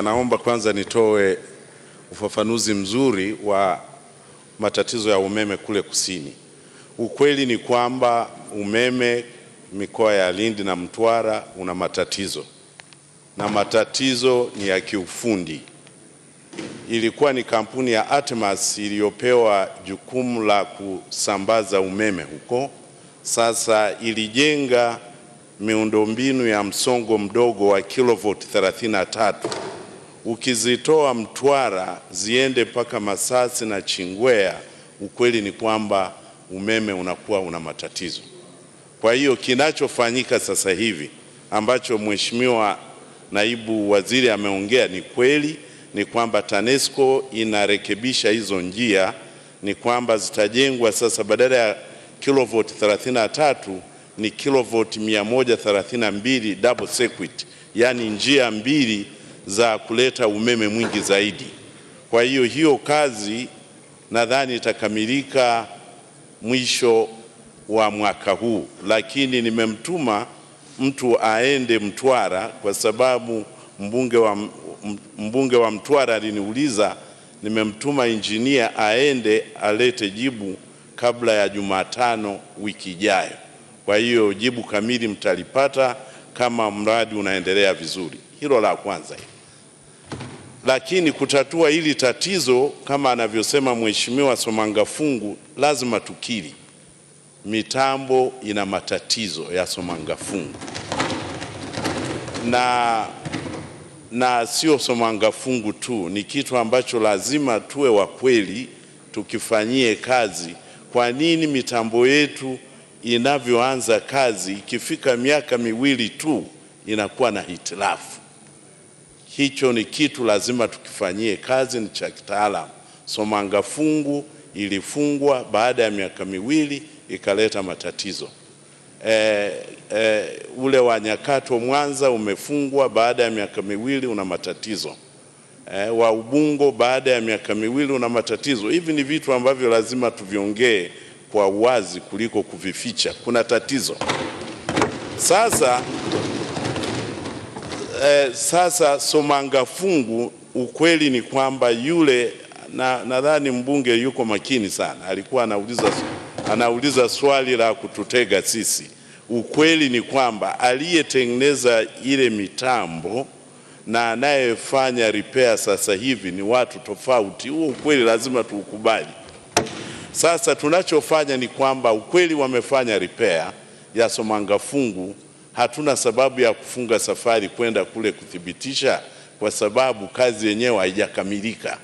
Spika, naomba kwanza nitoe ufafanuzi mzuri wa matatizo ya umeme kule kusini. Ukweli ni kwamba umeme mikoa ya Lindi na Mtwara una matatizo na matatizo ni ya kiufundi. Ilikuwa ni kampuni ya Atmas iliyopewa jukumu la kusambaza umeme huko. Sasa ilijenga miundombinu ya msongo mdogo wa kilovoti 33 ukizitoa Mtwara ziende mpaka Masasi na Chingwea, ukweli ni kwamba umeme unakuwa una matatizo. Kwa hiyo kinachofanyika sasa hivi ambacho Mheshimiwa Naibu Waziri ameongea ni kweli, ni kwamba TANESCO inarekebisha hizo njia, ni kwamba zitajengwa sasa badala ya kilovoti 33 ni kilovoti 132 double circuit, yani njia mbili za kuleta umeme mwingi zaidi. Kwa hiyo hiyo kazi nadhani itakamilika mwisho wa mwaka huu, lakini nimemtuma mtu aende Mtwara kwa sababu mbunge wa, mbunge wa Mtwara aliniuliza. Nimemtuma injinia aende alete jibu kabla ya Jumatano wiki ijayo. Kwa hiyo jibu kamili mtalipata kama mradi unaendelea vizuri. Hilo la kwanza Lakini kutatua hili tatizo kama anavyosema Mheshimiwa Somanga Fungu, lazima tukiri mitambo ina matatizo ya Somanga Fungu na, na sio Somanga Fungu tu, ni kitu ambacho lazima tuwe wa kweli tukifanyie kazi. Kwa nini mitambo yetu inavyoanza kazi, ikifika miaka miwili tu inakuwa na hitilafu. Hicho ni kitu lazima tukifanyie kazi, ni cha kitaalamu. Somanga fungu ilifungwa baada ya miaka miwili ikaleta matatizo. E, e, ule wa Nyakato Mwanza umefungwa baada ya miaka miwili una matatizo. E, wa Ubungo baada ya miaka miwili una matatizo. Hivi ni vitu ambavyo lazima tuviongee kwa wazi kuliko kuvificha. Kuna tatizo sasa. Eh, sasa somanga fungu, ukweli ni kwamba yule nadhani mbunge yuko makini sana, alikuwa anauliza, anauliza swali la kututega sisi. Ukweli ni kwamba aliyetengeneza ile mitambo na anayefanya repair sasa hivi ni watu tofauti. Huo ukweli lazima tuukubali. Sasa tunachofanya ni kwamba ukweli wamefanya repair ya Somanga Fungu, hatuna sababu ya kufunga safari kwenda kule kuthibitisha, kwa sababu kazi yenyewe haijakamilika.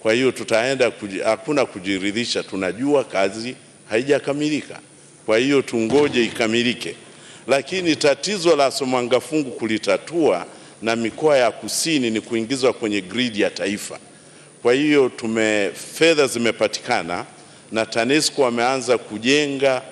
Kwa hiyo tutaenda, hakuna kujiridhisha, tunajua kazi haijakamilika. Kwa hiyo tungoje ikamilike, lakini tatizo la Somanga Fungu kulitatua na mikoa ya kusini ni kuingizwa kwenye gridi ya taifa. Kwa hiyo tume, fedha zimepatikana na TANESCO wameanza kujenga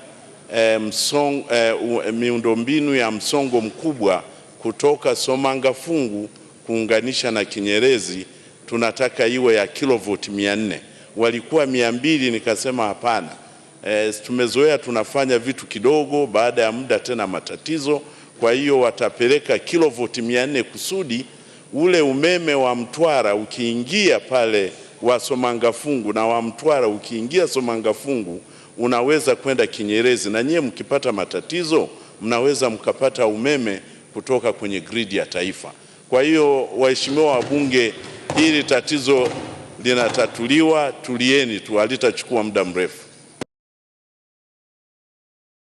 e, msong, e, miundombinu ya msongo mkubwa kutoka somanga fungu kuunganisha na Kinyerezi, tunataka iwe ya kilovoti nne, Walikuwa mbili nikasema hapana. E, tumezoea tunafanya vitu kidogo, baada ya muda tena matatizo. Kwa hiyo watapeleka kilovoti nne kusudi ule umeme wa Mtwara ukiingia pale wa Fungu na wa Mtwara, ukiingia Somangafungu unaweza kwenda Kinyerezi, na nyie mkipata matatizo mnaweza mkapata umeme kutoka kwenye gridi ya taifa. Kwa hiyo, waheshimiwa wabunge, hili tatizo linatatuliwa, tulieni tu, halitachukua muda mrefu.